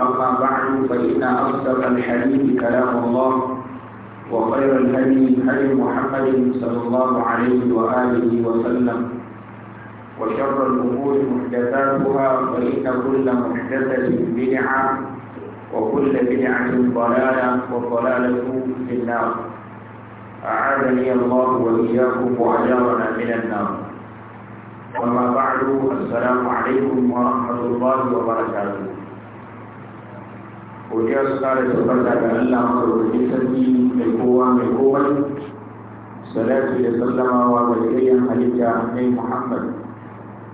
أما بعد فإن أصدق الحديث كلام الله وخير الهدي هدي محمد صلى الله عليه وآله وسلم وشر الأمور محدثاتها فإن كل محدثة بدعة وكل بدعة ضلالة وضلالة في النار أعاذني الله وإياكم وأجارنا من النار وما بعد السلام عليكم ورحمة الله وبركاته godiya su kare da farka ga Allah maɗaukakin sarki mai kowa mai komai salatu da sallamawa ga gayyan halitta Mai Muhammad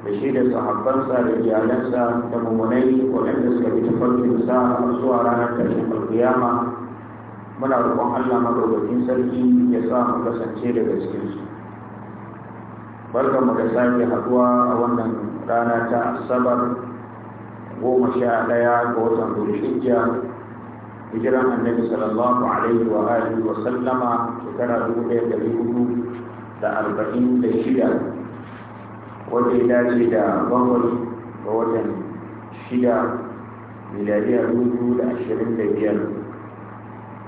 da shi da sahabbansa da iyalansa da mummunai waɗanda suka bi tafarkin sa zuwa ranar ƙarshen alƙiyama muna roƙon Allah maɗaukakin sarki ya sa mu kasance daga su barkanmu da sake haɗuwa a wannan rana ta asabar goma sha ɗaya ga watan zulhijja hijiran annabi sallallahu alaihi wa alihi wa sallama shekara dubu ɗaya ɗari hudu da arba'in da shida wanda ya dace da bangon ga watan shida miladiya dubu da ashirin da biyar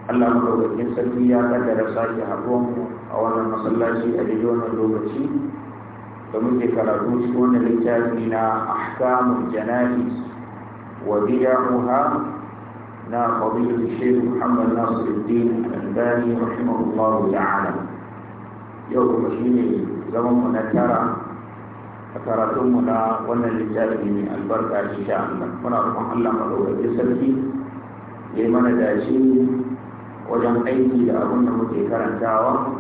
Allah madaukakin sarki ya kaddara sake mu a wannan masallaci a daidai wannan lokaci da muke karatu shi wannan littafi na ahkamul janais وبدعها نا فضيلة الشيخ محمد ناصر الدين الألباني رحمه الله تعالى يوم شيني زمن من ترى karatunmu na wannan littafi mai albarka insha Allah muna roƙon Allah madaukakin sarki ya yi mana dashi wajen aiki da abin da muke karantawa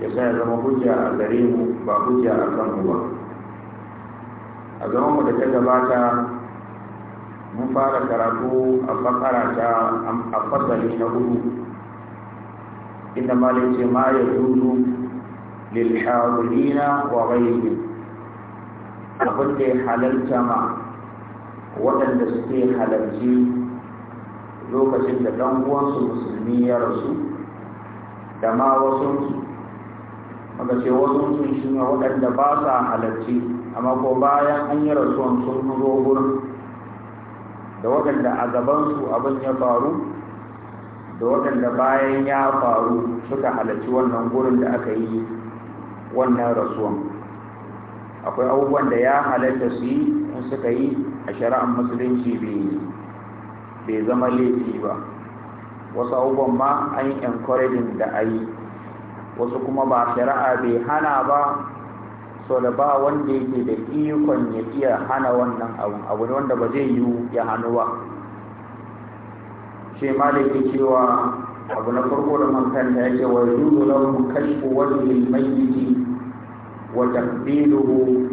ya sa ya zama hujja a gare mu ba hujja a kanmu ba a zaman mu da ta gabata mun fara karatu a bakara ta a fasali na hudu inda malin ce ma ya zuzu lilhazulina wa ghairi abin da ya halarta ma waɗanda suke halarci lokacin da ɗan uwansu musulmi ya rasu da ma wasu maka ce wasu sun shi waɗanda ba sa halarci amma ko bayan an yi rasuwan sun zo gurin da waɗanda a su abin ya faru da waɗanda bayan ya faru suka halarci wannan gurin da aka yi wannan rasuwan akwai abubuwan da ya halatta su yi in suka yi a shari'ar musulunci bai zama laifi ba wasu abubuwan ma an yi encouraging da a yi wasu kuma ba shari'a bai hana ba so da ba wanda yake da ikon ya iya hana wannan abu abu ne wanda ba zai yiwu ya hannu ba shi ma da yake cewa abu na farko da man da yake wa yuzu lahu kashfu wajhil mayyit wa taqbiluhu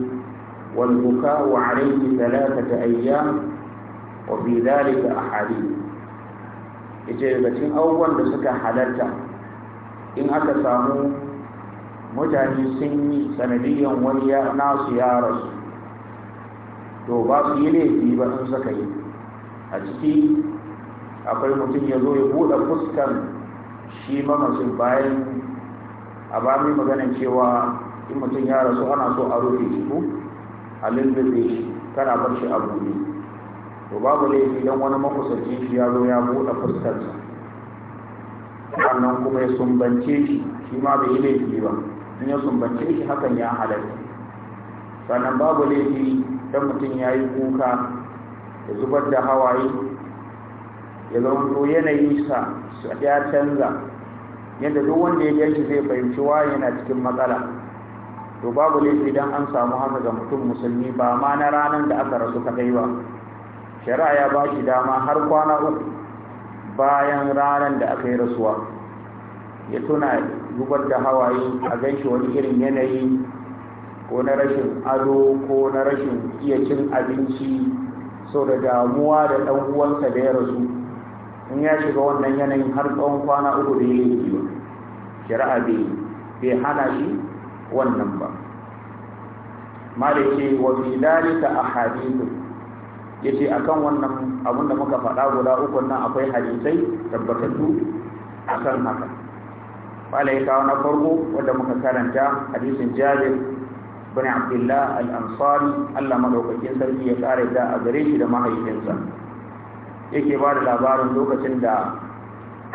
wal buka'u alayhi thalathata ayyam wa bi dhalika ahadith yace daga cikin abubuwan da suka halarta in aka samu mutane sun yi sanadiyyar wani ya nasu ya rasu to ba su yi laifi ba sun saka yi a ciki akwai mutum ya zo ya buɗe fuskan shi mamacin bayan a ba mai maganin cewa in mutum ya rasu ana so a rufe shi ko a lullube shi kana bar shi a buɗe to babu laifi don wani makusanci shi ya zo ya buɗe fuskarsa sannan kuma ya sumbance shi shi ma bai yi laifi ba in ya sumbace shi hakan ya halatta sannan babu laifi don mutum ya yi kuka ya zubar da hawaye ya zamanto yanayinsa ya canza yadda duk wanda ya ganshi zai fahimci wa yana cikin matsala to babu laifi don an samu haka ga mutum musulmi ba ma na ranar da aka rasu kadai ba shari'a ya ba shi dama har kwana uku bayan ranar da aka yi rasuwa ya tuna zubar da hawaye a ganshi wani irin yanayi ko na rashin ado ko na rashin iya cin abinci so da damuwa da ɗan uwansa da ya rasu in ya shiga wannan yanayin har tsawon kwana uku da ya yi ba shari'a bai hana shi wannan ba malike wa fi dalika ahadithu yace akan wannan abunda muka faɗa guda uku nan akwai hadisai tabbatattu akan haka malai kawo na farko wanda muka karanta hadisin jabir bin abdullah al-ansari Allah madaukakin sarki ya kare da a gare shi da mahaifinsa yake ba da labarin lokacin da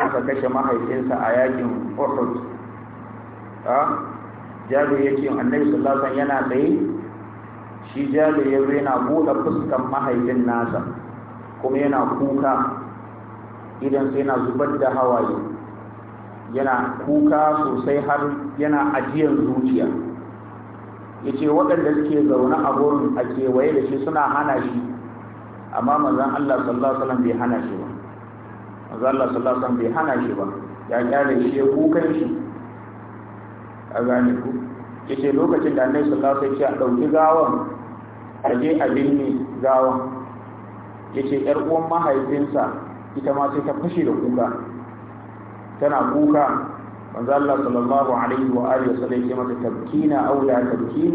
aka kashe mahaifinsa a yakin Uhud a jabir yake annabi sallallahu alaihi yana tsaye shi jabir ya yana buɗe fuskan mahaifin nasa kuma yana kuka idan sai yana zubar da hawaye yana kuka sosai har yana ajiyar zuciya ya ce waɗanda suke zaune a gurin a kewaye da shi suna hana shi amma manzan Allah sallallahu alaihi wasallam bai hana shi ba manzan Allah sallallahu alaihi wasallam bai hana shi ba ya kyale shi ya kukan shi a gane ku ya ce lokacin da annabi sallallahu alaihi wasallam ya ɗauki gawan a je a binne gawan ya ce ‘yar uwan mahaifinsa ita ma sai ta fashe da kuka tana kuka manzo Allah sallallahu alaihi wa alihi wasallam ya mata tabkina aw la tabkin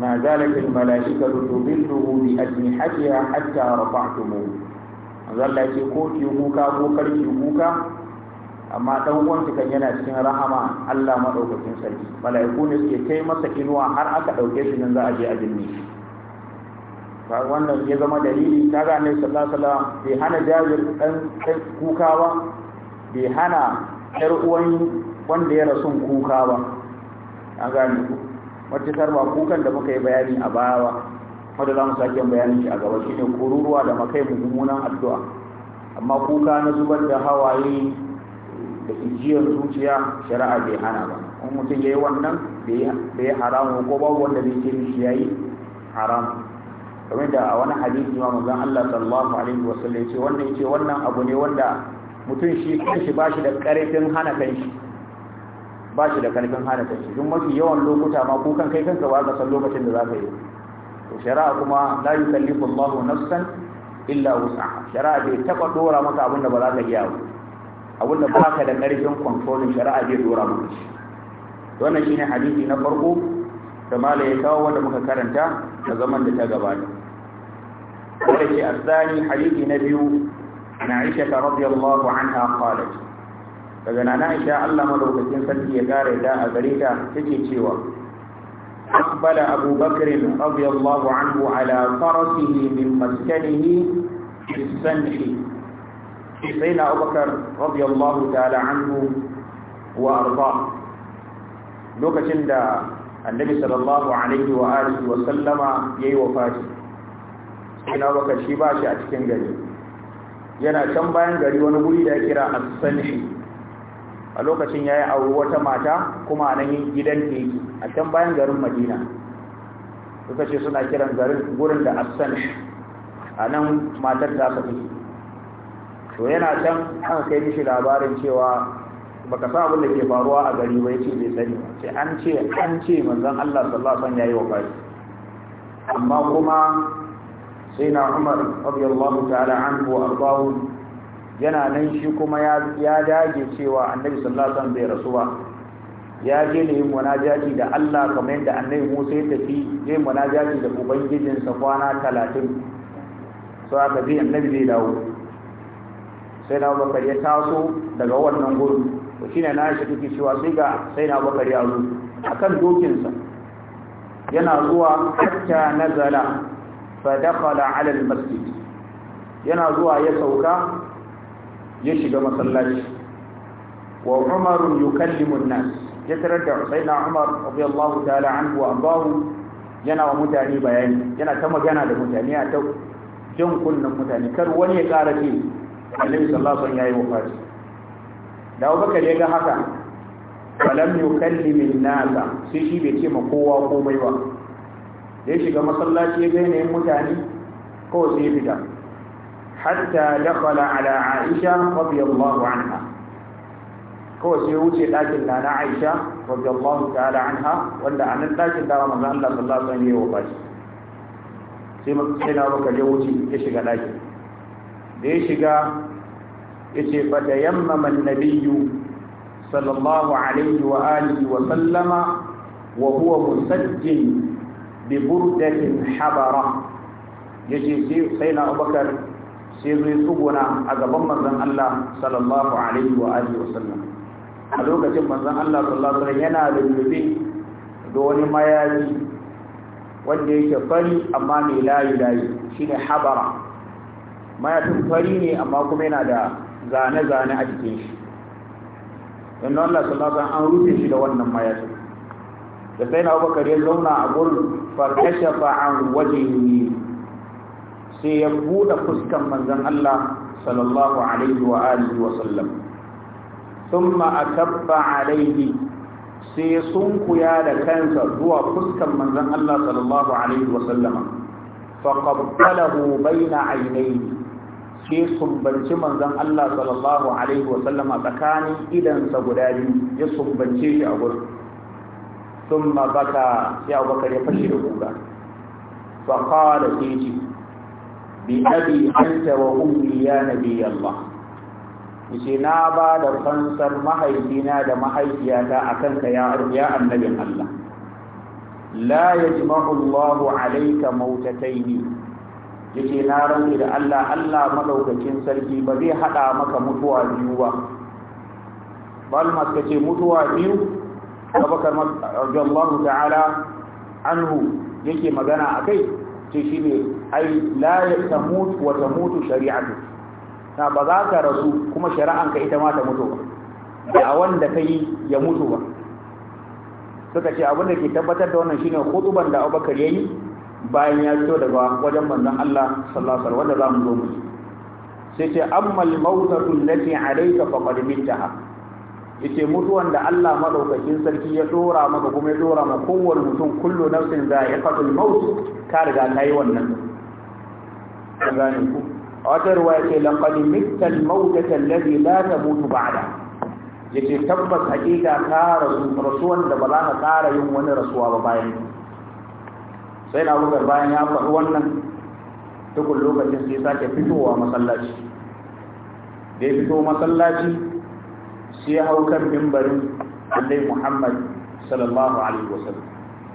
ma zalika al malaikatu tudilluhu bi ajnihatiha hatta rafa'tumu manzo Allah ya ce ko ki kuka ko karki kuka amma dan uwan kan yana cikin rahama Allah madaukakin sarki malaiku ne suke kai masa inuwa har aka dauke shi nan za a je a binne shi wannan ya zama dalili kaga annabi sallallahu alaihi wasallam bai hana jabir dan kuka ba bai hana ƴar uwan wanda ya rasu kuka ba a gani ku matukar ba kukan da muka yi bayani a baya ba wanda za mu sake bayani shi a gaba Shi ne kururuwa da makai mummunan addu'a amma kuka na zubar da hawaye da ijiyar zuciya shari'a bai hana ba in mutum ya yi wannan bai haramu ko babu wanda bai ce mishi ya yi haramu kamar da a wani hadisi ma manzon Allah sallallahu alaihi wasallam ya ce wannan ya ce wannan abu ne wanda mutum shi kanshi ba shi da karfin hana kanshi ba shi da ƙarfin hana kanshi don mafi yawan lokuta ma kukan kai kanka ba ka lokacin da za ka yi to shari'a kuma la yukallifu Allahu nafsan illa wusa. shari'a bai taɓa dora maka abin da ba za ka iya ba abin da ba ka da ƙarfin controlling shari'a bai dora maka shi wannan shine hadisi na farko da mala ya kawo wanda muka karanta a zaman da ta gabata wanda ke asali hadisi na biyu عن عائشة رضي الله عنها قالت فجنا عائشة الله ملوكتين سنتي يقاري دا أبريتا تجي تيوى أقبل أبو بكر رضي الله عنه على فرسه من مسكنه في السنح سيدنا أبو بكر رضي الله تعالى عنه وأرضاه لوكتين دا النبي صلى الله عليه وآله وسلم يي وفاتي سيدنا أبو بكر شباشي أتكين قليل yana can bayan gari wani guri da ya kira as a lokacin yayi aure wata mata kuma a nan gidan ne a can bayan garin Madina suka ce suna kiran garin gurin da as-sanhi a nan matar ta saki to yana can aka kai mishi labarin cewa baka sa abin da ke faruwa a gari wai ce bai sani sai an ce an ce manzon Allah sallallahu alaihi wasallam yayi wa amma kuma sai na umar radiyallahu ta'ala anhu arbahu yana nan shi kuma ya dage cewa annabi sallallahu alaihi wasallam bai rasu ba ya je ne yin munajati da Allah kamar yadda annabi Musa ya tafi ya yi munajati da ubangijinsa kwana talatin su aka bi annabi zai dawo sai na bakar ya taso daga wannan gurin to shine na shi take cewa sai ga sai na bakar ya zo akan dokinsa yana zuwa hatta nazala fa dakhala ala almasjid yana zuwa ya sauka ya shiga masallaci wa umar yukallimu an-nas ya tarar da sayyidina umar radiyallahu ta'ala anhu wa bawu, yana wa mutane bayani yana ta magana da mutane a ta jin kunnen mutane kar wani ya ƙara ce annabi sallallahu alaihi wasallam yayi wafati da Abubakar ya ga haka falam yukallimu an-nas sai shi bai ce ma kowa komai ba da ya shiga masallaci ya gaina mutane ko sai ya fita hatta dakhala ala aisha radiyallahu anha ko sai ya wuce dakin da na aisha radiyallahu ta'ala anha wanda a nan dakin da manzo Allah sallallahu alaihi wasallam ya wafaci sai mun sai na baka ya wuce ya shiga dakin da ya shiga yace fa tayammama an-nabiyyu sallallahu alaihi wa alihi wa sallama wa huwa musajjin bi burdatin habara yace sai na abubakar sai zai tsuguna a gaban manzon Allah sallallahu alaihi wa alihi wasallam a lokacin manzon Allah sallallahu alaihi yana lullube da wani mayafi wanda yake fari amma mai layi layi shine habara mayafin fari ne amma kuma yana da zane zane a jikin shi Inna Allah sallallahu alaihi an rufe shi da wannan mayafi da sai na Abubakar ya zauna a gurin farkashafa an wajihi sai ya buɗe fuskan manzon Allah sallallahu alaihi wa alihi wa alaihi sai sunkuya da kansa zuwa fuskan manzon Allah sallallahu alaihi wa sallam faqabbalahu baina aynayhi sai sumbanci manzon Allah sallallahu tsakanin idan guda biyu ya sumbance shi a gurin ثم بكى يا أبو بكر يفشل أبوك فقال تيجي بأبي أنت وأمي يا نبي الله yace na ba da fansar mahaifina da mahaifiyata a kanka ya annabin Allah la yajma'u Allahu alayka mautataini yace na rantsi da Allah Allah madaukakin sarki ba zai hada maka mutuwa biyu ba bal ma kace mutuwa biyu abubakar radiyallahu ta'ala anhu yake magana akai ce shine ai la yamut wa tamutu shari'atu na ba za ka rasu kuma shari'anka ita ma ta mutu ba da wanda kai ya mutu ba suka ce abin da ke tabbatar da wannan shine khutuban da abubakar yayi bayan ya fito daga wajen manzon Allah sallallahu alaihi wasallam wanda zamu zo mu sai ce ammal mawtatu allati alayka faqad mintaha yace mutuwan da Allah madaukakin sarki ya dora maka kuma ya dora ma kowane mutum kullu nafsin za'iqatul maut ka riga kai wannan gane ku a wata ruwaya ce laqad mitta al alladhi la tamutu ba'da yace tabbas hakika ka rasu rasuwan da ba za ka kara yin wani rasuwa ba bayan sai na rubar bayan ya faɗi wannan tukun lokacin sai sake fitowa masallaci da ya fito masallaci sai hau kan mimbarin annabi Muhammad sallallahu alaihi wasallam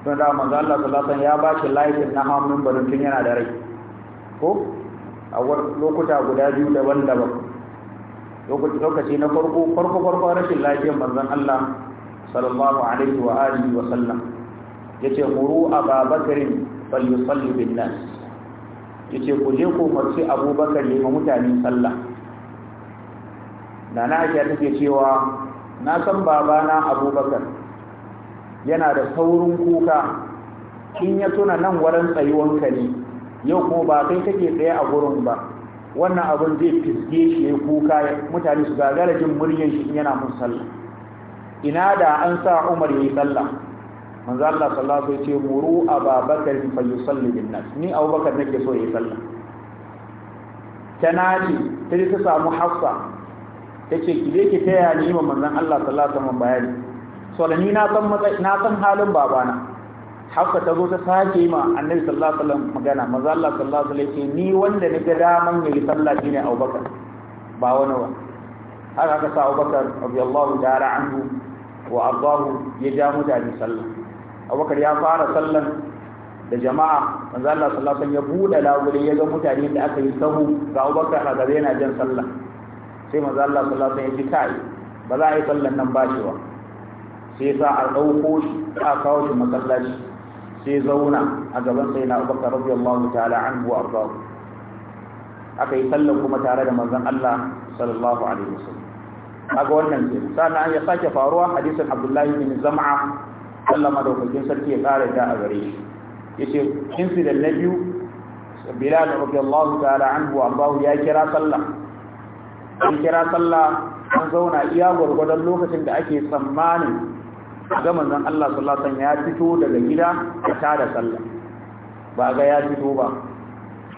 to da manzo Allah sallallahu alaihi ya ba shi laifin na hau mimbarin tun yana da rai ko a lokuta guda biyu daban-daban lokaci na farko farko farko rashin lafiyar manzon Allah sallallahu alaihi wa alihi wa sallam yace muru fal yusalli bin nas yace ku je ku marci abubakar ne mutane sallah da na take cewa na san babana abubakar yana da saurin kuka in ya tuna nan wurin tsayuwanka ne yau ko ba kai take tsaye a gurin ba wannan abin zai fisge shi ya kuka mutane su gagara jin muryan shi yana mun sallah ina da an sa umar ya yi sallah manzo Allah sallallahu alaihi wasallam ya ce muru ababakar fa yusalli bin nas ni abubakar nake so ya yi sallah tana ce ta ta samu hafsa yace ki je ki taya ni ma manzon Allah sallallahu alaihi wasallam bayani so da ni na san na san halin babana haka ta zo ta sake ma annabi sallallahu alaihi wasallam magana manzo Allah sallallahu alaihi wasallam ni wanda ni ga daman yi sallah shine Abubakar ba wani ba har haka sa Abubakar radiyallahu ta'ala anhu wa Allahu ya ja mutane sallah Abubakar ya fara sallan da jama'a manzo Allah sallallahu alaihi wasallam ya bude lawuri ya ga mutane da aka yi sahu ga Abubakar a gare yana jan sallah sai manzo Allah sallallahu alaihi wasallam ya ba za a yi sallan nan ba shi ba sai sa a ɗauko shi a kawo shi masallaci sai zauna a gaban sai na Abubakar radiyallahu ta'ala anhu wa ardahu aka yi sallan kuma tare da manzon Allah sallallahu alaihi wasallam kaga wannan ke sannan ya sake faruwa hadisin Abdullahi bin Zama'a. Allah madaukakin sarki ya kare da a gare shi Ya yace incident na biyu Bilal radiyallahu ta'ala anhu wa ardahu ya kira sallah an kira sallah an zauna iya gwargwadon lokacin da ake tsammanin ga zan Allah sallallahu ya fito daga gida a tada sallah ba ga ya fito ba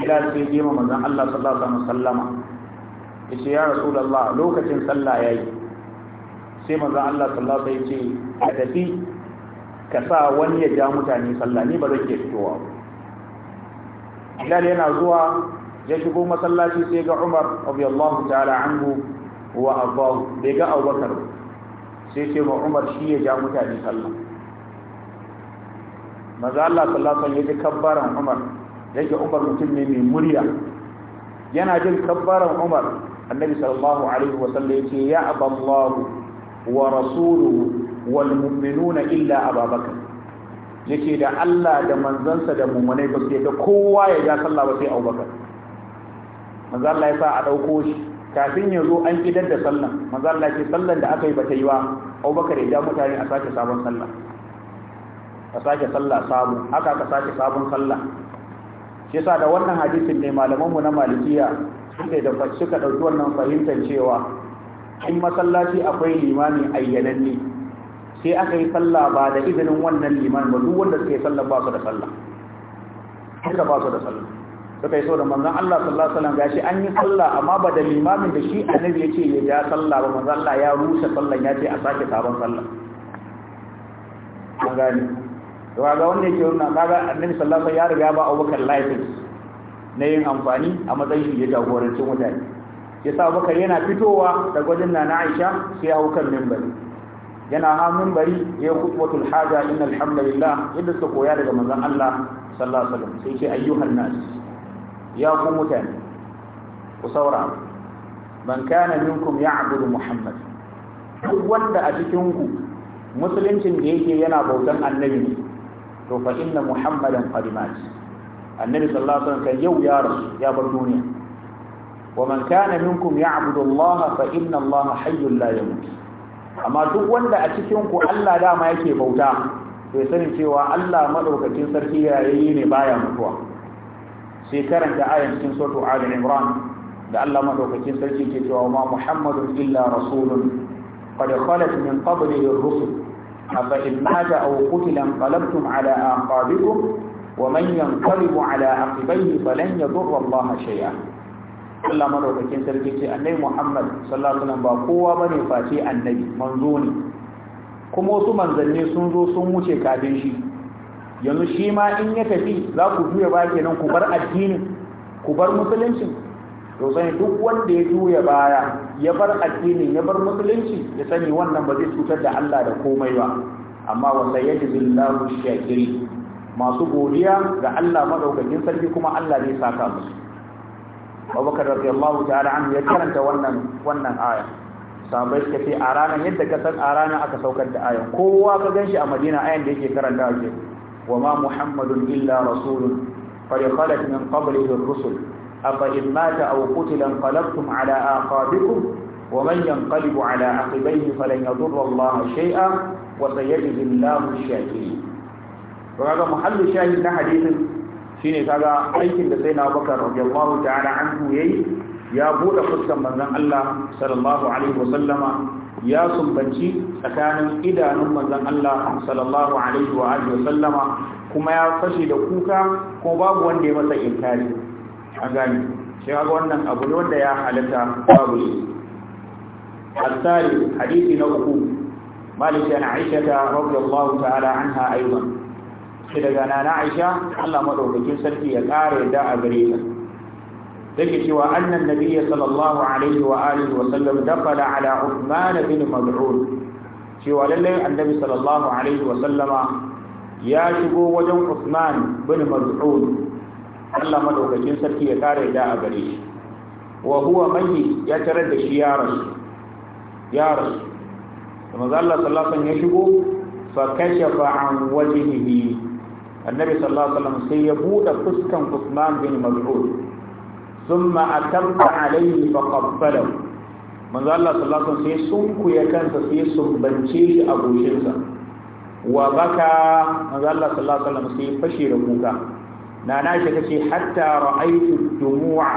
ila sai je ma Allah sallallahu alaihi wasallama yace ya rasulullah lokacin sallah yayi sai manzon Allah sallallahu ya ce ka tafi ka sa wani ya ja mutane sallah ni ba zan ke fitowa ba Bilal yana zuwa ya shigo masallaci sai ga Umar radiyallahu ta'ala anhu wa ardahu bai ga Abubakar sai ce wa Umar shi ya ja mutane sallah maza Allah sallallahu ya ji kabbaran Umar ya yake Umar mutum ne mai murya yana jin kabbaran Umar annabi sallallahu alaihi wasallam ce ya aballahu wa rasulu wal mu'minuna illa ababakar yake da Allah da manzansa da mu'minai ba sai da kowa ya ja sallah ba sai Abubakar manzo Allah ya sa a dauko shi kafin ya zo an kidar da sallan manzo Allah ce sallan da aka yi bata yi wa Abubakar ya ja mutane a sake sabon sallah a sake sallah sabu haka ka sake sabon sallah shi yasa da wannan hadisin ne malaman mu na malikiya suka da suka dauki wannan fahimtar cewa in masallaci akwai limami ayyananne sai aka yi sallah ba da izinin wannan liman ba duk wanda suka yi sallah ba su da sallah duka ba su da sallah suka yi so da manzan Allah sallallahu alaihi wasallam gashi an yi sallah amma ba da limamin da shi annabi ce ya ja sallah ba manzan Allah ya rusa sallan ya ce a sake sabon sallah an gani to ga wanda yake wannan kaga annabi sallallahu alaihi wasallam ya riga ba Abubakar license na yin amfani a matsayin shi ya jagoranci mutane sa Abubakar yana fitowa da gwajin na Aisha sai Abubakar minbari yana ha minbari ya khutbatul haja innal hamdalillah yadda suka koya daga manzan Allah sallallahu alaihi wasallam sai ce ayyuhan nas ya ku mutane ku saura man kana minkum ya'budu muhammad duk wanda a cikin ku musuluncin da yake yana bautan annabi ne to fa inna muhammadan qad mat annabi sallallahu alaihi wasallam yau ya rasu ya bar duniya wa man kana minkum ya'budu allah fa inna allah hayyul la yamut amma duk wanda a cikin ku Allah dama yake bauta to ya sani cewa Allah madaukakin sarki yayi ne baya mutuwa sai karanta ayan cikin suratul ali imran da Allah madaukakin sarki ke cewa ma muhammadun illa rasulun qad khalat min qablihi ar-rusul afa in mata aw qutila qalabtum ala aqabikum wa man yanqalibu ala aqibayhi falan yadurra Allah shay'a Allah madaukakin sarki ce annabi Muhammad sallallahu alaihi wasallam ba kowa bane face annabi manzo ne kuma wasu manzanni sun zo sun wuce kafin shi yanzu shi ma in ya tafi za ku juya ba kenan ku bar addinin ku bar musuluncin to sai duk wanda ya juya baya ya bar addinin ya bar musulunci ya sani wannan ba zai cutar da Allah da komai ba amma wanda ya ji billahu shakiri masu godiya ga Allah madaukakin sarki kuma Allah zai saka musu Abubakar radiyallahu ta'ala anhu ya karanta wannan wannan aya sahabai suka ce a ranar yadda ka san a ranar aka saukar da ayan kowa ka gan shi a madina ayan da yake karanta ke وما محمد إلا رسول قد خلت من قبله الرسل أفإن مات أو قتل انقلبتم على آقابكم ومن ينقلب على عقبيه فلن يضر الله شيئا وسيجزي الله الشاكرين وهذا محل الشاهد ده حديث shine kaga aikin da sayyidina Abubakar radiyallahu ta'ala anhu yayi ya bude fuskan manzon Allah sallallahu alaihi wasallama ya sumbanci tsakanin idanun manzon Allah sallallahu kuma ya fashe da kuka ko babu wanda ya matsa inkari an gani sai ga wannan abu ne wanda ya halata babu shi asali hadisi na uku malik aishata Aisha ta radiyallahu ta'ala anha aidan sai daga nana Aisha Allah madaukakin sarki ya kare da a gare ta ذلك وأن النبي صلى wa عليه وآله وسلم دخل على عثمان بن مبعوث cewa lallai annabi sallallahu alaihi wa wasallama ya shigo wajen Usman bin Maz'ud Allah madaukakin sarki ya kare da a gare shi wa huwa mayyit ya tarar da shi ya rasu ya rasu da manzo Allah sallallahu alaihi ya shigo fa kashafa an wajhihi annabi sallallahu alaihi wasallam sai ya bude fuskan Usman bin Maz'ud ثم أتم عليه فقبله manzo Allah sallallahu alaihi wasallam sai sunkuya kansa sai sumbance shi a goshinsa Wabaka baka manzo Allah sallallahu fashe da kuka nana shi tace hatta ra'aytu dumu'a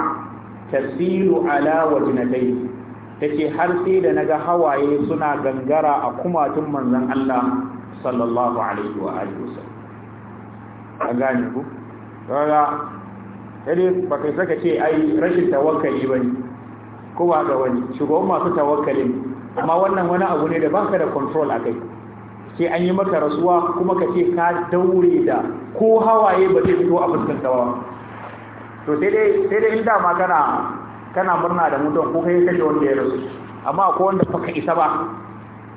tasilu ala wajnatayhi tace har sai da naga hawaye suna gangara a kumatun manzon Allah sallallahu alaihi wa sai ba kai saka ce ai rashin tawakkali ba ne ko ba ga wani shugaban masu tawakkali amma wannan wani abu ne da baka da control akai kai sai an yi maka rasuwa kuma ka ce ka daure da ko hawaye ba zai fito a fuskar ba to sai dai sai dai in ma kana kana murna da mutum ko kai kaje wanda ya rasu amma akwai wanda baka isa ba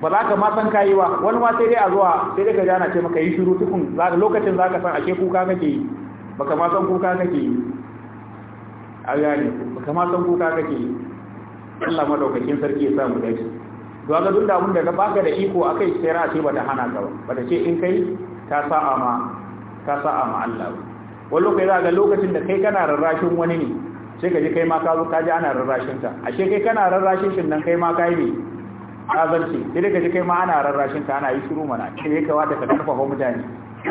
ba za ka ma san kayi ba wani ma sai dai a zuwa sai dai ka jana ce maka yi shiru tukun lokacin za ka san ashe kuka kake yi baka ma san kuka kake yi a gane baka ma san kuka kake yi Allah madaukakin sarki ya samu dace to ga duk da abin da baka da iko akai sai ra ce bata hana ka ba ta ce in kai ka sa'a ma ka sa'a ma Allah wani kai za ga lokacin da kai kana rarrashin wani ne sai ka ji kai ma ka zo ka ji ana rarrashin ka ashe kai kana rarrashin shin nan kai ma kai ne azanci sai ka ji kai ma ana rarrashin ka ana yi shiru mana sai ya kawata ka karfafa mutane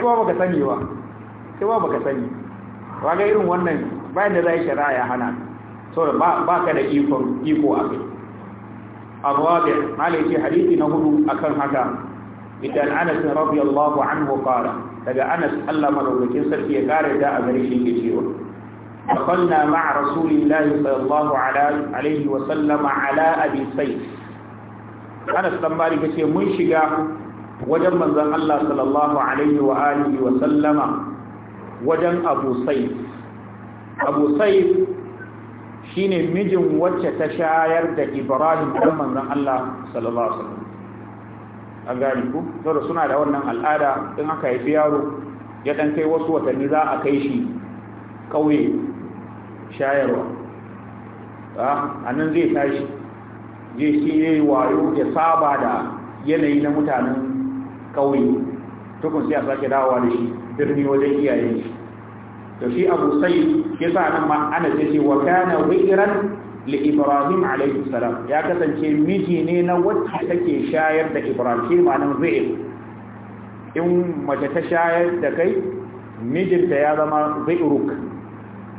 ba baka sani ba sai ba baka sani waga irin wannan bayan da zai shari'a ya hana saboda ba ka da ikon iko a kai na hudu حديث نقول أكن حكا إذا أنس رضي الله عنه قال daga Anas Allah madaukakin sarki ya kare da a gari shi yake cewa akanna ma'a rasulillahi sallallahu alaihi wa sallama ala abi sayf Anas dan Malik yace mun shiga wajen manzon Allah sallallahu alaihi wa alihi wajen abu sai abu sai shi mijin wacce ta shayar da ibrahim ɗan manzan allah sallallahu alaihi a gani ku saboda suna da wannan al'ada in aka haifi yaro ya ɗan kai wasu watanni za a kai shi ƙauye shayarwa a nan zai tashi zai shi ya wayo ya saba da yanayi na mutanen ƙauye tukun sai a sake dawowa da shi birni wajen iyayen shi to shi abu sai ya sa nan ma ana ce wa kana wiran li ibrahim alayhi salam ya kasance miji ne na wacce take shayar da ibrahim shi ma nan zai in mace ta shayar da kai mijinta ya zama zai ruk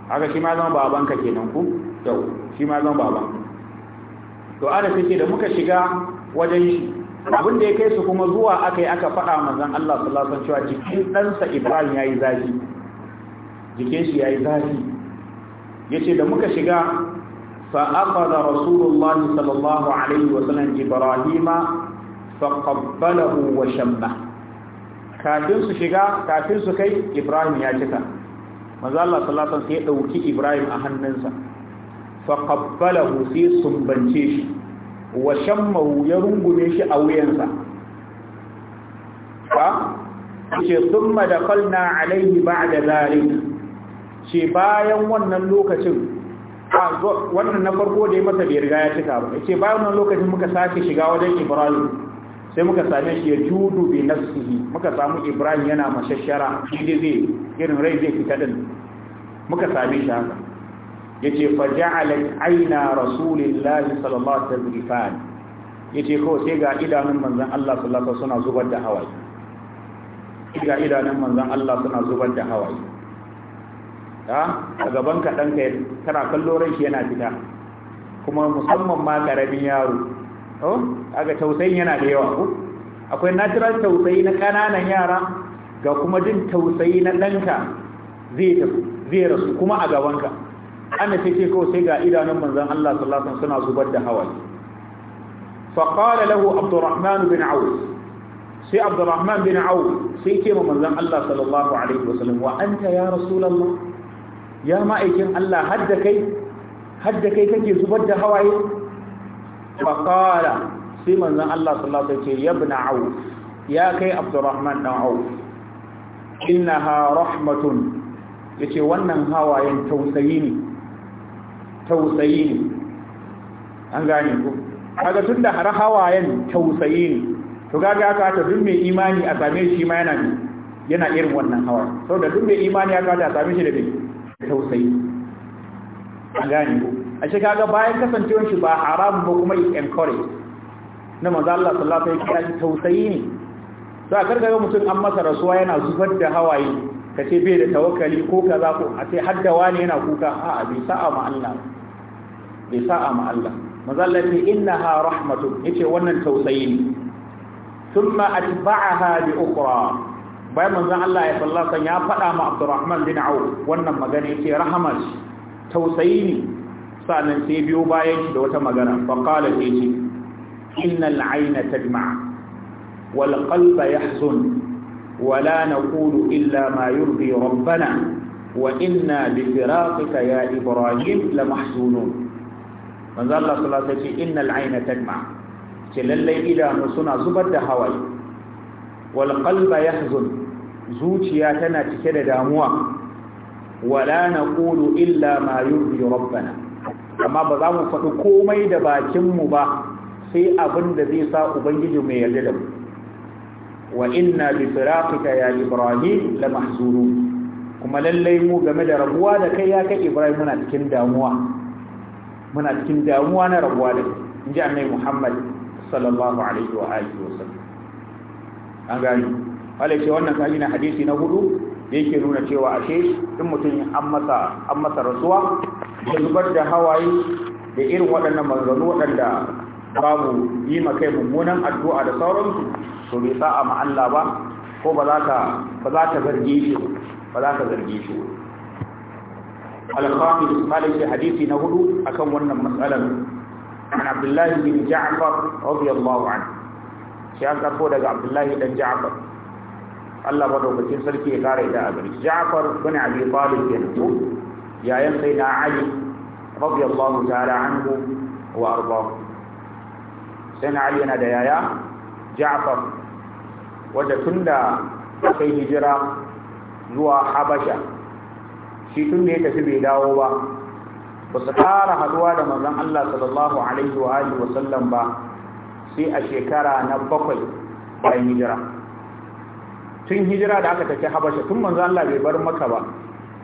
haka shi ma zama babanka kenan ku to shi ma zama baban. to ana ce da muka shiga wajen shi. abin da ya kai su kuma zuwa aka yi aka faɗa manzan Allah sallallahu alaihi cewa jikin ɗansa Ibrahim ya yi zafi jikin shi ya yi zafi ya ce da muka shiga فأخذ da الله sallallahu alaihi عليه وسلم إبراهيم wa وشمه kafin su shiga kafin su kai Ibrahim ya cika manzo Allah sallallahu alaihi wasallam sai ya dauki Ibrahim a hannunsa faqabbalahu sai sumbance shi wa shammahu ya rungume shi a wuyansa fa ce thumma dakhalna alaihi ba'da zalik shi bayan wannan lokacin wannan na farko da ya masa bai riga ya cika ba ce bayan wannan lokacin muka sake shiga wajen Ibrahim sai muka same shi ya judu bi nafsihi muka samu Ibrahim yana mashashara shi dai zai irin rai zai fita din muka same shi haka yace faja'alat aina rasulillahi sallallahu alaihi wasallam yace ko sai ga idanun manzon Allah sallallahu alaihi suna zubar da hawaye ga idanun manzon Allah suna zubar da hawaye ha a gaban ka dan kai kana kallo ran shi yana fita kuma musamman ma karamin yaro oh aga tausayin yana da yawa ko akwai natural tausayi na kananan yara ga kuma din tausayi na danka zai zai rasu kuma a gaban ka. ana take kawai sai ga idanun manzan Allah sallallahu alaihi suna zubar da hawaye fa qala lahu abdurrahman bin auf sai abdurrahman bin auf sai ce ma manzan Allah sallallahu alaihi wasallam wa anta ya rasulullah ya ma'aikin Allah hadda kai hadda kai kake zubar da hawaye fa qala sai manzon Allah sallallahu alaihi wasallam ce ya ibn auf ya kai abdurrahman dan auf innaha rahmatun yace wannan hawayen tausayi ne tausayi ne an gane ku kaga tun da har hawayen tausayi ne to kaga aka ta duk mai imani a same shi ma yana yana irin wannan hawa saboda duk mai imani aka ta same shi da mai tausayi an gane ku a shi kaga bayan kasancewar shi ba haram ba kuma is encourage na manzo Allah sallallahu alaihi wasallam ya tausayi ne to a ga mutum an masa rasuwa yana zubar da hawaye ka ce bai da tawakali ko kaza ko a ce haddawa wani yana kuka a bai sa'a ma Allah bai sa'a ma Allah mazallati innaha Ya ce wannan tausayi ne thumma atba'aha bi ukhra bayan manzon Allah ya sallallahu alaihi ya faɗa ma Abdurrahman bin Auf wannan magana ya yace rahmat tausayi ne sannan sai biyo bayan shi da wata magana ce. qala yace innal ta tadma wal ya yahzun ولا نقول إلا ما يرضي ربنا وإنا بفراقك يا إبراهيم لمحزونون manzo Allah sallallahu alaihi wasallam innal ayna tadma ce lalle idanu suna zubar da hawaye wal qalba yahzun zuciya tana cike da damuwa wala naqulu illa ma yurdi amma ba za mu faɗi komai da bakin mu ba sai abin da zai sa ubangiji mai yarda da mu wa inna bi firaqika ya ibrahim la mahzurun kuma lallai mu game da rabuwa da kai ya kai ibrahim muna cikin damuwa muna cikin damuwa na rabuwa da kai inji annabi muhammad sallallahu alaihi wa alihi wasallam an gani wala ce wannan kaji na hadisi na hudu da yake nuna cewa ashe in mutum an masa an masa rasuwa da zubar da hawaye da irin waɗannan manzanni waɗanda babu yi ma kai mummunan addu'a da sauransu to bai sa'a ma Allah ba ko ba za ta zargi shi ba za ka zarge shi hadisi na hudu akan wannan matsalar عن عبد الله بن جعفر رضي الله عنه شيخ أبو دقى عبد الله بن جعفر الله بدو بكين سلكي كاري دا أبري جعفر بن أبي طالب ينتو يا ينسينا علي رضي الله تعالى عنه وأرضاه sai na da yaya ja'far wadda tun da aka hijira zuwa habasha shi tun da ya tafi bai dawo ba ba su ƙara haɗuwa da manzon allah sallallahu alaihi wa alihi sallam ba sai a shekara na bakwai bayan hijira tun hijira da aka tafi habasha tun manzon allah bai bar maka ba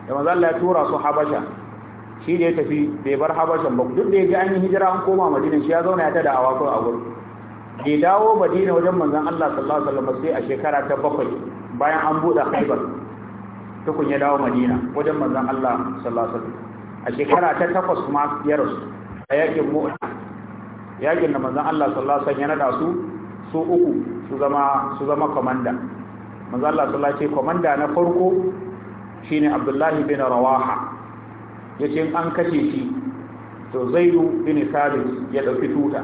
da manzon allah ya tura su habasha shi da ya tafi bai bar habashan ba duk da ya ji an yi hijira an koma madina shi ya zauna ya ta awa kawai a gurin bai dawo madina wajen manzan Allah sallallahu alaihi wasallam sai a shekara ta bakwai bayan an buɗe haibar tukun ya dawo madina wajen manzan Allah sallallahu alaihi wasallam a shekara ta takwas kuma ya rasu a yakin mu'a yakin da Allah sallallahu alaihi wasallam ya naɗa su su uku su zama su zama komanda Allah sallallahu alaihi wasallam ce komanda na farko shine Abdullahi bin Rawaha ya ce an kashe shi to zaidu bin sabit ya ɗauki tuta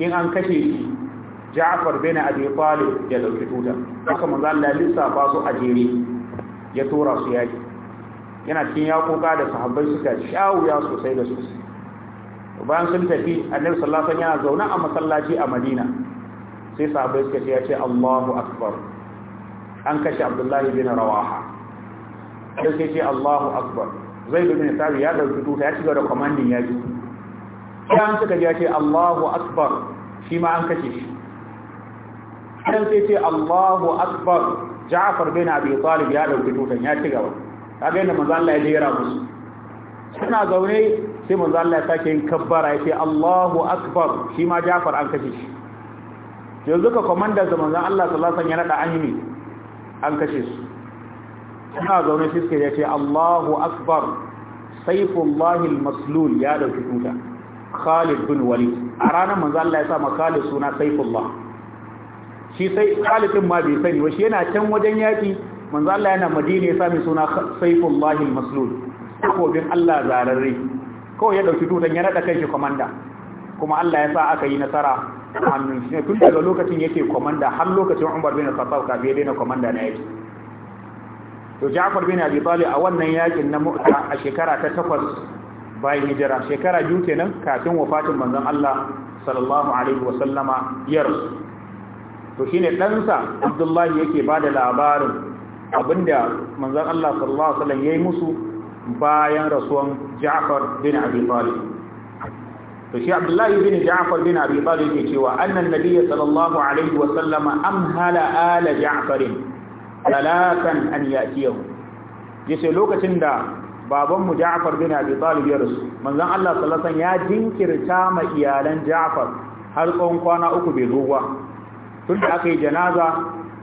in an kashe shi ja'far bin abi talib ya dauki tuta haka manzo Allah lissafa su a jere ya tura su yaki yana cikin yakuka da sahabbai suka shawuya sosai da sosai bayan sun tafi annabi sallallahu alaihi wasallam yana zaune a masallaci a Madina sai sahabbai suka ce ya ce Allahu akbar an kashe Abdullahi bin Rawaha sai ce Allahu akbar zai bi min sabi ya dauki tuta ya shiga da commanding ya ji sai an suka ya ce Allahu akbar shi ma an kashe shi dan sai ce Allahu akbar Ja'far bin Abi Talib ya dauki tutan ya ci gaba kaga inda manzo Allah ya jera musu suna zaune sai manzo Allah ya sake yin kabbara ya ce Allahu akbar shi ma Ja'far an kashe shi yanzu ka komanda da manzo Allah sallallahu alaihi wasallam ya nada an yi an kashe su kana zaune shi ya yace Allahu akbar saifullahi maslul ya dauki tuta Khalid bin Walid a ranar manzo Allah ya sa ma Khalid suna saifullah shi sai Khalid din ma bai sani ba shi yana can wajen yaki manzo Allah yana Madina ya sa mai suna saifullahi maslul kobin Allah zararre kawai ya dauki tutan ya nada kanshi komanda kuma Allah ya sa aka yi nasara hannun shi tun daga lokacin yake komanda har lokacin Umar bin Khattab kafin ya daina komanda na yake to Ja'far bin Abi Talib a wannan yakin na Mu'ta a shekara ta 8 bayan hijira shekara biyu kenan kafin wafatin manzon Allah sallallahu alaihi wa sallama ya rasu to shine dan sa Abdullahi yake bada labarin abinda manzon Allah sallallahu alaihi wa sallam yayi musu bayan rasuwan Ja'far bin Abi Talib to shi Abdullahi bin Ja'far bin Abi Talib yake cewa annan nabiyyi sallallahu alaihi wa sallama amhala ala Ja'farin talatan an yatiyahu yace lokacin da baban mu Ja'far bin Abi Talib ya rusu manzon Allah sallallahu alaihi wasallam ya jinkirta ma iyalan Ja'far har tsawon kwana uku bai zo ba tun da aka yi janaza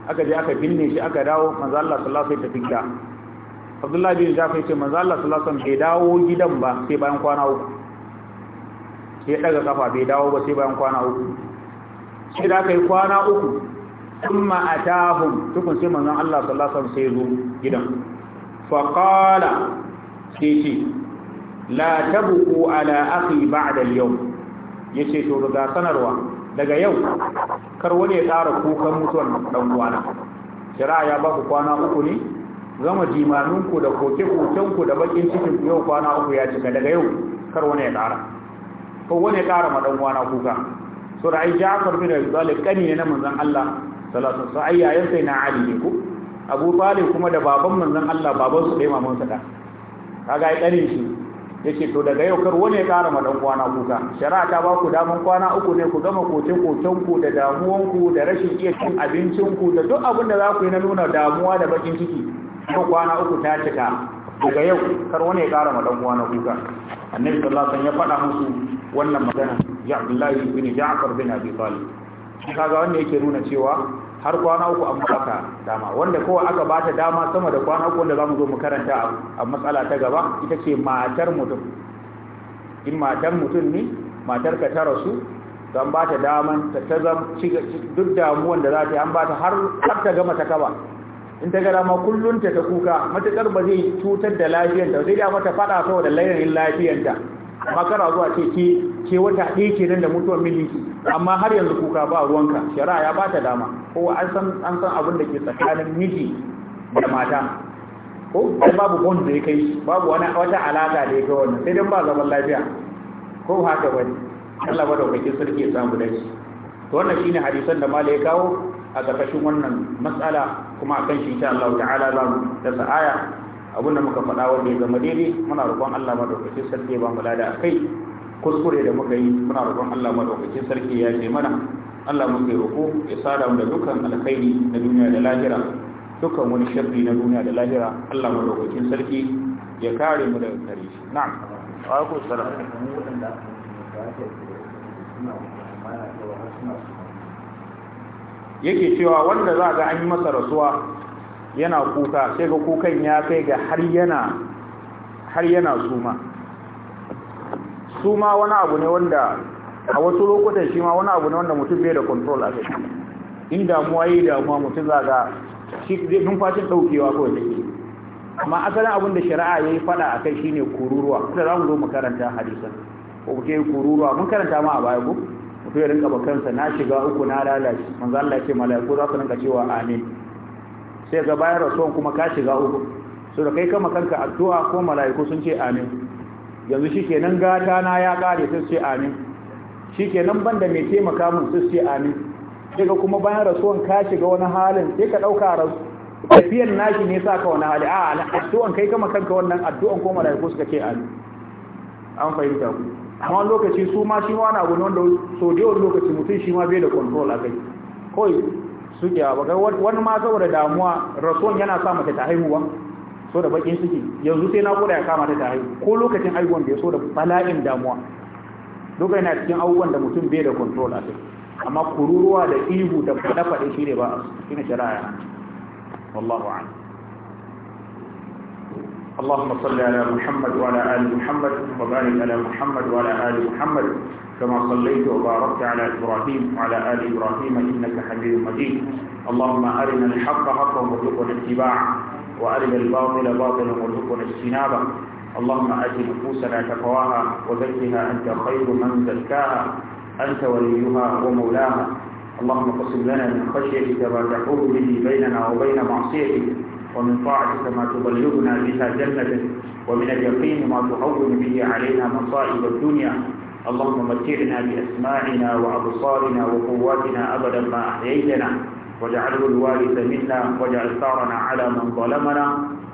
aka je aka binne shi aka dawo manzon Allah sallallahu alaihi wasallam tafi gida Abdullah bin Ja'far yace manzon Allah sallallahu alaihi wasallam bai dawo gidan ba sai bayan kwana uku sai daga kafa bai dawo ba sai bayan kwana uku sai da aka yi kwana uku thumma atahum tukun sai manzon Allah sallallahu alaihi wasallam sai zo gidan fa qala ce la tabqu ala akhi ba'da al-yawm yace to ga sanarwa daga yau kar wani ya tsara kukan mutuwan dan uwana shari'a ya ba ku kwana uku ne zama jimaninku da koke-kokenku da bakin cikin yau kwana uku ya cika daga yau kar wani ya ƙara ko wani ya ƙara ma ɗan kuka so da ja'far bin abi talib kani ne na manzon Allah sallallahu alaihi wasallam sai na ali ne ku abu talib kuma da baban manzon Allah baban su dai mamansa da kaga ai dare shi yake to daga yau kar wani ya kara ma dan kwana kuka shari'a ta ba ku daman kwana uku ne ku gama kote kocen ku da damuwan ku da rashin iya cin abincin ku da duk abin da za ku yi na nuna damuwa da bakin ciki ko kwana uku ta cika daga yau kar wani ya kara ma dan kwana kuka annabi sallallahu alaihi wasallam ya faɗa musu wannan magana ya Abdullahi bin Ja'far bin Abi Talib kaga wannan yake nuna cewa har kwana uku an baka dama wanda kowai aka bata dama sama da kwana uku wanda zamu zo mu karanta a matsala ta gaba ita ce matar mutum in matar mutum ne matar ka ta rasu don ba ta daman ta tazam duk damuwan da za ta yi an ba ta har ta gama ta kaba in ta gara ma kullum ta ta kuka matuƙar ba zai cutar da lafiyanta zai da mata fada saboda layarin lafiyanta amma kana zuwa ce ke ke wata ɗaya nan da mutuwar miliki amma har yanzu kuka ba ruwanka shari'a ya bata dama ko an san abin da ke tsakanin miji da mata ko babu bond da ya kai babu wani wata alaka da ya ga wannan sai dan ba zaman lafiya ko haka bane Allah madaukakin sarki ya samu dace to wannan shine hadisan da malai ya kawo a ƙarƙashin wannan matsala kuma akan shi insha Allah ta'ala za mu dasa abin da muka faɗa wanda ya zama daidai muna roƙon Allah madaukakin sarki ya bamu lada akai kuskure da muka yi muna roƙon Allah madaukakin sarki ya ce mana Allah mun bai roƙo ya sada mu da dukkan alkhairi na duniya da lahira dukkan wani sharri na duniya da lahira Allah madaukakin sarki ya kare mu daga kare shi na'am wa alaikum salam yake cewa wanda za ga an yi masa rasuwa yana kuka sai ga kukan ya kai ga har yana har yana suma suma wani abu ne wanda a wasu lokutan shi ma wani abu ne wanda mutum bai da control a kai in damuwa yi damuwa mutum za ga shi zai numfashin daukewa kawai take amma asalin abin da shari'a ya yi fada a kai shine kururuwa kuma za mu zo mu karanta hadisan ko kuke kururuwa mun karanta ma a baya ko mutum ya rinka bakansa na shiga uku na lalace manzo Allah ya ce mala'iku za su rinka cewa amin sai ga bayan rasuwan kuma ka shiga uku so da kai kama kanka addu'a ko mala'iku sun ce amin yanzu shikenan gata na ya kare sun ce amin shikenan banda mai taimaka mun sun ce amin daga kuma bayan rasuwan ka shiga wani halin sai ka dauka rasu tafiyan nashi ne sa ka wani hali a addu'an kai kama kanka wannan addu'an ko mala'iku suka ce amin an fahimta ku amma lokaci su ma shi wani abu ne wanda so da yawan lokaci mutum shi ma bai da control a kai kawai sukewa ba wani ma saboda damuwa rasuwan yana sa mata ta haihuwa so da bakin suke yanzu sai na koda ya kama ta ta haihu ko lokacin haihuwan ya so da bala'in damuwa duka yana cikin abubuwan da mutum bai da control a sai amma kururuwa da ihu da faɗa shi ne ba a su ne shari'a wallahu a'lam اللهم صل على محمد وعلى ال محمد وبارك على محمد وعلى ال محمد كما صليت وباركت على إبراهيم وعلى آل إبراهيم إنك حميد مجيد اللهم أرنا الحق حقا وارزقنا اتباعه وأرنا الباطل باطلا وارزقنا اجتنابه اللهم آت نفوسنا تقواها وزكها أنت خير من زكاها أنت وليها ومولاها اللهم قسم لنا من خشيتك ما تحول به بيننا وبين معصيتك ومن طاعتك ما تبلغنا بها جنتك ومن اليقين ما تهون به علينا مصائب الدنيا اللهم متعنا بأسماعنا وأبصارنا وقواتنا أبدا ما أحييتنا واجعله الوارث منا واجعل ثارنا على من ظلمنا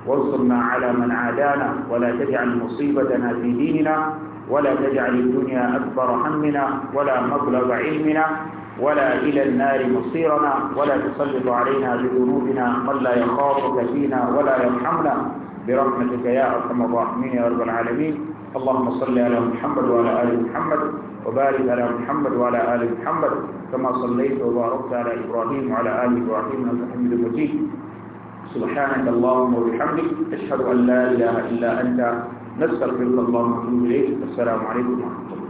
وانصرنا على من عادانا ولا تجعل مصيبتنا في ديننا ولا تجعل الدنيا أكبر همنا ولا مبلغ علمنا ولا إلى النار مصيرنا ولا تسلط علينا بذنوبنا من لا يخافك فينا ولا يرحمنا برحمتك يا أرحم الراحمين يا رب العالمين اللهم صل على محمد وعلى آل محمد وبارك على محمد وعلى آل محمد كما صليت وباركت على إبراهيم وعلى آل إبراهيم إنك حميد مجيد سبحانك اللهم وبحمدك أشهد أن لا إله إلا أنت نستغفرك اللهم ونتوب إليك السلام عليكم ورحمة الله